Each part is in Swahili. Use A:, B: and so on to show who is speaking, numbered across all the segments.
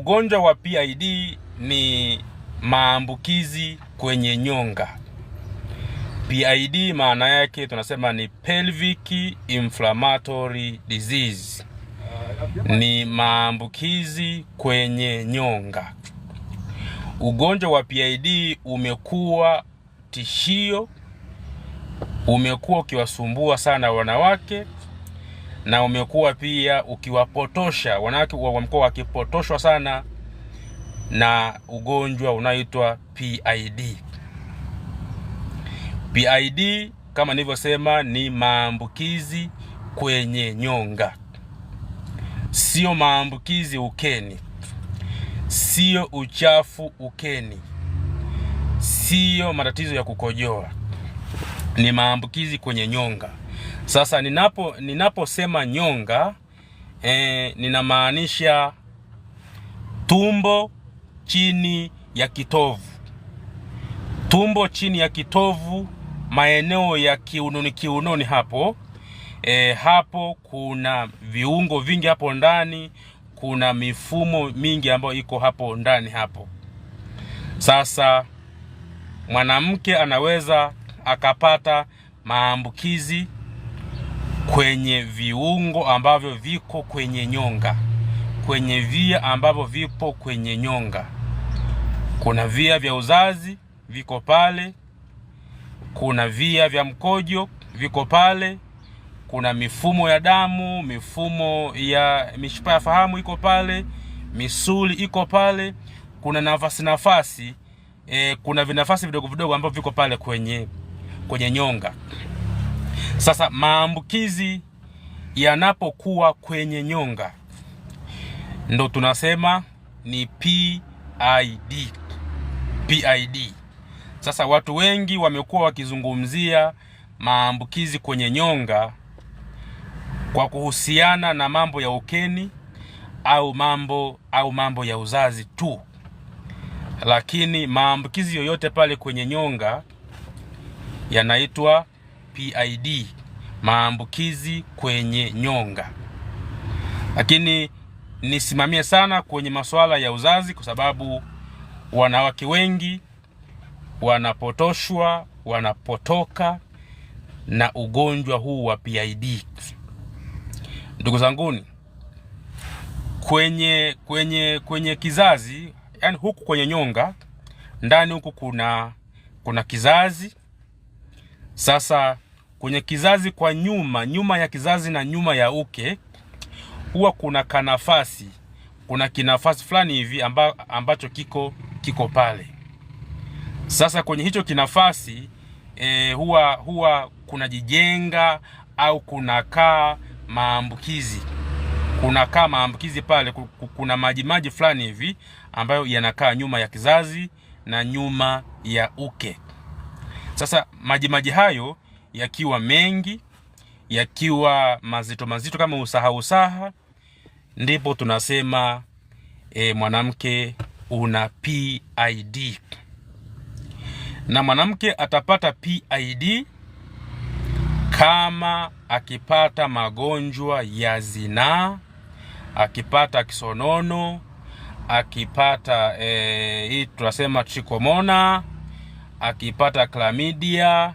A: Ugonjwa wa PID ni maambukizi kwenye nyonga. PID maana yake tunasema ni pelvic inflammatory disease, ni maambukizi kwenye nyonga. Ugonjwa wa PID umekuwa tishio, umekuwa ukiwasumbua sana wanawake na umekuwa pia ukiwapotosha wanawake wa mkoa wakipotoshwa sana na ugonjwa unaoitwa PID. PID kama nilivyosema ni maambukizi kwenye nyonga, sio maambukizi ukeni, sio uchafu ukeni, sio matatizo ya kukojoa, ni maambukizi kwenye nyonga. Sasa ninapo ninaposema nyonga e, ninamaanisha tumbo chini ya kitovu, tumbo chini ya kitovu, maeneo ya kiunoni, kiunoni hapo e, hapo kuna viungo vingi hapo ndani, kuna mifumo mingi ambayo iko hapo ndani hapo. Sasa mwanamke anaweza akapata maambukizi kwenye viungo ambavyo viko kwenye nyonga, kwenye via ambavyo vipo kwenye nyonga. Kuna via vya uzazi viko pale, kuna via vya mkojo viko pale, kuna mifumo ya damu, mifumo ya mishipa ya fahamu iko pale, misuli iko pale, kuna nafasi nafasi, e, kuna vinafasi vidogo vidogo ambavyo viko pale kwenye kwenye nyonga. Sasa maambukizi yanapokuwa kwenye nyonga ndo tunasema ni PID. PID. Sasa watu wengi wamekuwa wakizungumzia maambukizi kwenye nyonga kwa kuhusiana na mambo ya ukeni au mambo au mambo ya uzazi tu, lakini maambukizi yoyote pale kwenye nyonga yanaitwa PID, maambukizi kwenye nyonga. Lakini nisimamie sana kwenye masuala ya uzazi, kwa sababu wanawake wengi wanapotoshwa, wanapotoka na ugonjwa huu wa PID. Ndugu zanguni, kwenye kwenye kwenye kizazi, yani huku kwenye nyonga ndani huku kuna kuna kizazi sasa kwenye kizazi kwa nyuma, nyuma ya kizazi na nyuma ya uke huwa kuna kanafasi, kuna kinafasi fulani hivi amba, ambacho kiko kiko pale. Sasa kwenye hicho kinafasi e, huwa huwa kunajijenga au kunakaa maambukizi kunakaa maambukizi pale, kuna majimaji fulani hivi ambayo yanakaa nyuma ya kizazi na nyuma ya uke. Sasa majimaji hayo yakiwa mengi, yakiwa mazito mazito kama usaha usaha, ndipo tunasema e, mwanamke una PID na mwanamke atapata PID kama akipata magonjwa ya zinaa, akipata kisonono, akipata eh, hii e, tunasema trikomona, akipata klamidia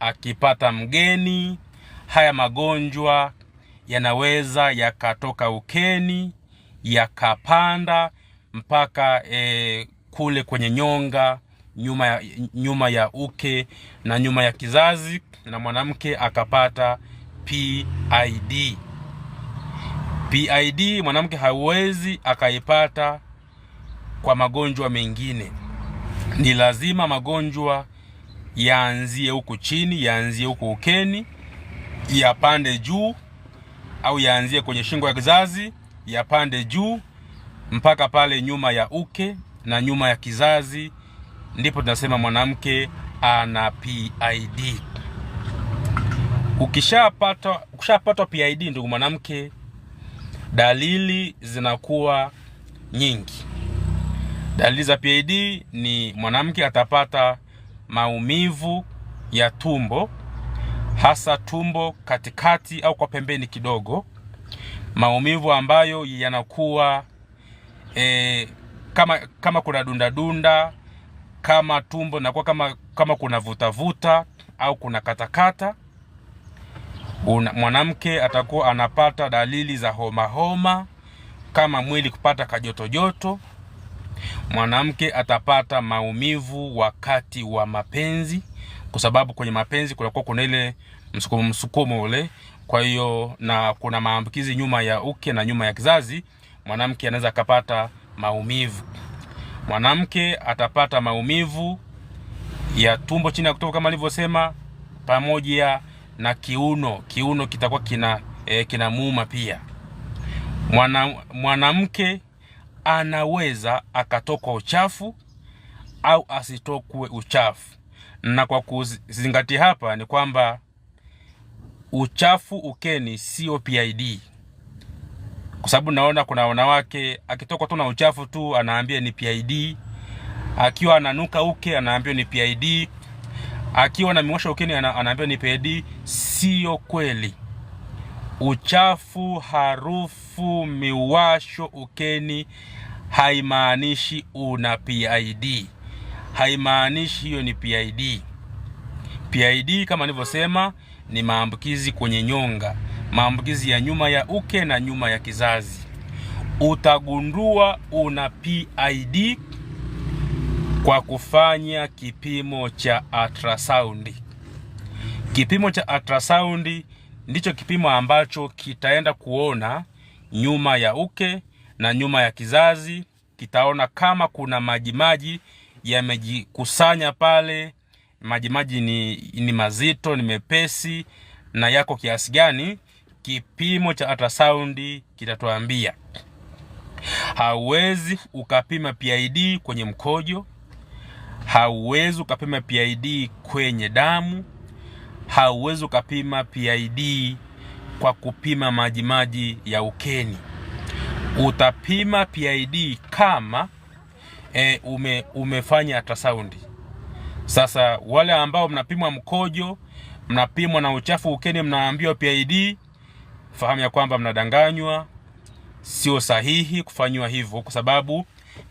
A: akipata mgeni, haya magonjwa yanaweza yakatoka ukeni yakapanda mpaka e, kule kwenye nyonga nyuma ya, nyuma ya uke na nyuma ya kizazi na mwanamke akapata PID. PID mwanamke hawezi akaipata kwa magonjwa mengine, ni lazima magonjwa yaanzie huku chini, yaanzie huku ukeni, yapande juu, au yaanzie kwenye shingo ya kizazi, yapande juu mpaka pale nyuma ya uke na nyuma ya kizazi, ndipo tunasema mwanamke ana PID. Ukishapata ukishapata PID, ndugu mwanamke, dalili zinakuwa nyingi. Dalili za PID ni mwanamke atapata maumivu ya tumbo, hasa tumbo katikati au kwa pembeni kidogo, maumivu ambayo yanakuwa e, kama, kama kuna dundadunda kama tumbo nakuwa kama, kama kuna vutavuta au kuna katakata una, mwanamke atakuwa anapata dalili za homahoma homa, kama mwili kupata kajotojoto Mwanamke atapata maumivu wakati wa mapenzi, kwa sababu kwenye mapenzi kunakuwa kuna ile msukumo msukumo ule. Kwa hiyo na kuna maambukizi nyuma ya uke na nyuma ya kizazi, mwanamke anaweza akapata maumivu. Mwanamke atapata maumivu ya tumbo chini ya kutoka kama alivyosema, pamoja na kiuno. Kiuno kitakuwa kina e, eh, kinamuuma pia. Mwana, mwanamke anaweza akatokwa uchafu au asitokwe uchafu. Na kwa kuzingatia hapa ni kwamba uchafu ukeni sio PID, kwa sababu naona kuna wanawake akitokwa tu na uchafu tu anaambia ni PID, akiwa ananuka uke anaambia ni PID, akiwa na miwasho ukeni anaambia ni PID. Sio kweli. Uchafu, harufu, miwasho, ukeni haimaanishi una PID, haimaanishi hiyo ni PID. PID kama nilivyosema ni maambukizi kwenye nyonga, maambukizi ya nyuma ya uke na nyuma ya kizazi. Utagundua una PID kwa kufanya kipimo cha ultrasound. Kipimo cha ultrasound ndicho kipimo ambacho kitaenda kuona nyuma ya uke na nyuma ya kizazi. Kitaona kama kuna majimaji yamejikusanya pale, majimaji ni, ni mazito, ni mepesi na yako kiasi gani. Kipimo cha ultrasound kitatuambia. Hauwezi ukapima PID kwenye mkojo, hauwezi ukapima PID kwenye damu hauwezi ukapima PID kwa kupima majimaji ya ukeni. Utapima PID kama e, ume, umefanya ultrasound. Sasa wale ambao mnapimwa mkojo, mnapimwa na uchafu ukeni, mnaambiwa PID, fahamu ya kwamba mnadanganywa, sio sahihi kufanywa hivyo, kwa sababu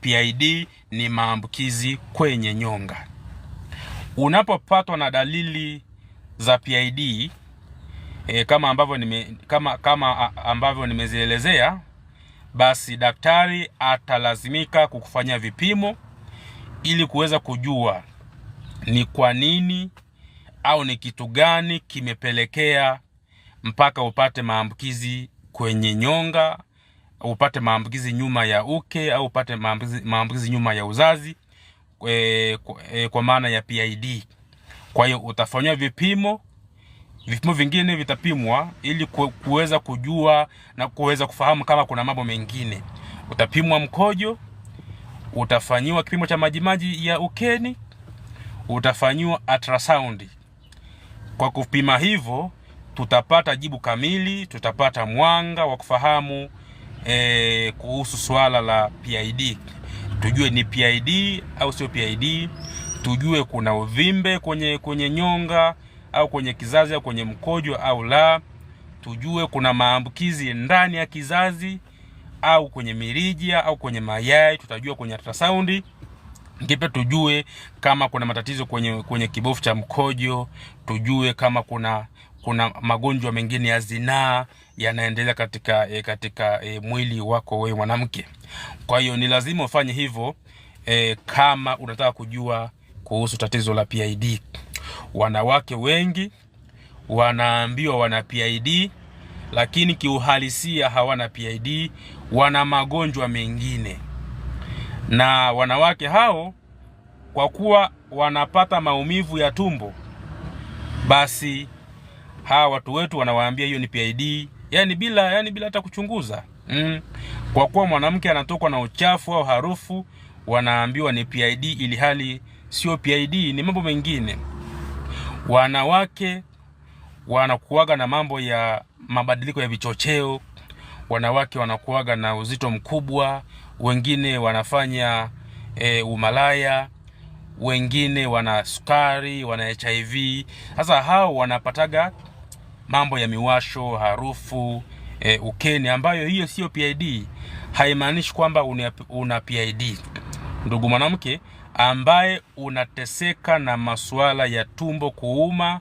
A: PID ni maambukizi kwenye nyonga. Unapopatwa na dalili za PID e, kama ambavyo nime, kama, kama ambavyo nimezielezea, basi daktari atalazimika kukufanyia vipimo ili kuweza kujua ni kwa nini au ni kitu gani kimepelekea mpaka upate maambukizi kwenye nyonga, upate maambukizi nyuma ya uke au upate maambukizi, maambukizi nyuma ya uzazi e, kwa, e, kwa maana ya PID. Kwa hiyo utafanywa vipimo, vipimo vingine vitapimwa ili kuweza kujua na kuweza kufahamu kama kuna mambo mengine. Utapimwa mkojo, utafanyiwa kipimo cha majimaji ya ukeni, utafanyiwa ultrasound. Kwa kupima hivyo tutapata jibu kamili, tutapata mwanga wa kufahamu e, kuhusu swala la PID, tujue ni PID au sio PID, tujue kuna uvimbe kwenye, kwenye nyonga au kwenye kizazi au kwenye mkojo au la, tujue kuna maambukizi ndani ya kizazi au kwenye mirija au kwenye mayai, tutajua kwenye ultrasound ngipe tujue kama kuna matatizo kwenye, kwenye kibofu cha mkojo, tujue kama kuna kuna magonjwa mengine ya zinaa yanaendelea katika, e, katika e, mwili wako wewe mwanamke. Kwa hiyo ni lazima ufanye hivyo e, kama unataka kujua kuhusu tatizo la PID. Wanawake wengi wanaambiwa wana PID lakini kiuhalisia hawana PID, wana magonjwa mengine. Na wanawake hao kwa kuwa wanapata maumivu ya tumbo, basi hawa watu wetu wanawaambia hiyo ni PID, yani bila yani bila hata kuchunguza mm. Kwa kuwa mwanamke anatokwa na uchafu au harufu, wanaambiwa ni PID, ili hali sio PID, ni mambo mengine. Wanawake wanakuaga na mambo ya mabadiliko ya vichocheo, wanawake wanakuaga na uzito mkubwa, wengine wanafanya e, umalaya, wengine wana sukari, wana HIV. Sasa hao wanapataga mambo ya miwasho, harufu e, ukeni, ambayo hiyo sio PID. Haimaanishi kwamba una PID ndugu mwanamke ambaye unateseka na masuala ya tumbo kuuma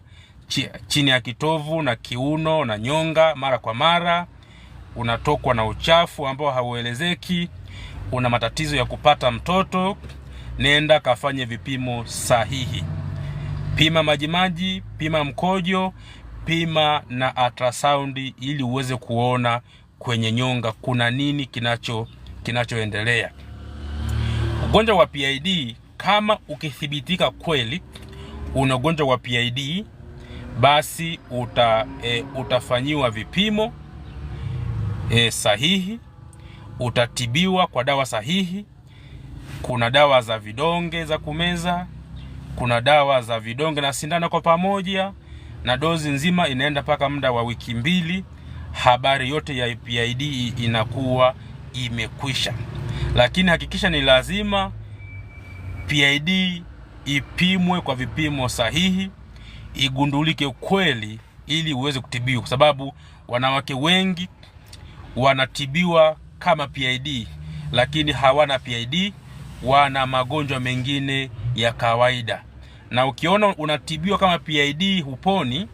A: chini ya kitovu na kiuno na nyonga mara kwa mara, unatokwa na uchafu ambao hauelezeki, una matatizo ya kupata mtoto, nenda kafanye vipimo sahihi. Pima majimaji, pima mkojo, pima na ultrasound ili uweze kuona kwenye nyonga kuna nini kinacho kinachoendelea. Ugonjwa wa PID kama ukithibitika kweli una ugonjwa wa PID basi uta, e, utafanyiwa vipimo e, sahihi, utatibiwa kwa dawa sahihi. Kuna dawa za vidonge za kumeza, kuna dawa za vidonge na sindano kwa pamoja, na dozi nzima inaenda mpaka muda wa wiki mbili. Habari yote ya PID inakuwa imekwisha lakini hakikisha ni lazima PID ipimwe kwa vipimo sahihi, igundulike kweli, ili uweze kutibiwa, kwa sababu wanawake wengi wanatibiwa kama PID lakini hawana PID, wana magonjwa mengine ya kawaida. Na ukiona unatibiwa kama PID huponi,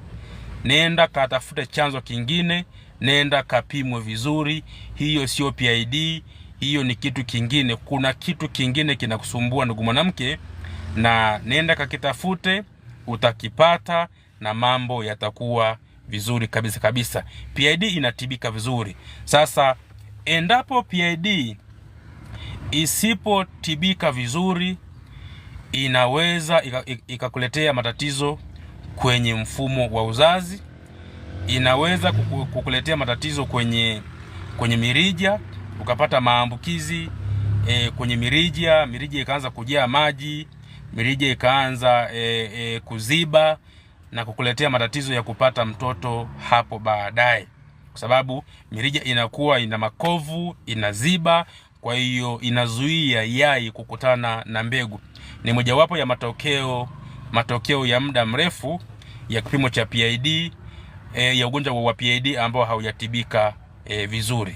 A: nenda katafute chanzo kingine, nenda kapimwe vizuri. Hiyo sio PID hiyo ni kitu kingine. Kuna kitu kingine kinakusumbua ndugu mwanamke, na nenda kakitafute, utakipata na mambo yatakuwa vizuri kabisa kabisa. PID inatibika vizuri. Sasa endapo PID isipotibika vizuri, inaweza ikakuletea matatizo kwenye mfumo wa uzazi, inaweza kukuletea matatizo kwenye, kwenye mirija ukapata maambukizi e, kwenye mirija, mirija ikaanza kujaa maji, mirija ikaanza e, e, kuziba na kukuletea matatizo ya kupata mtoto hapo baadaye, kwa sababu mirija inakuwa ina makovu, inaziba, kwa hiyo inazuia yai kukutana na mbegu. Ni mojawapo ya matokeo matokeo ya muda mrefu ya kipimo cha PID e, ya ugonjwa wa PID ambao haujatibika e, vizuri.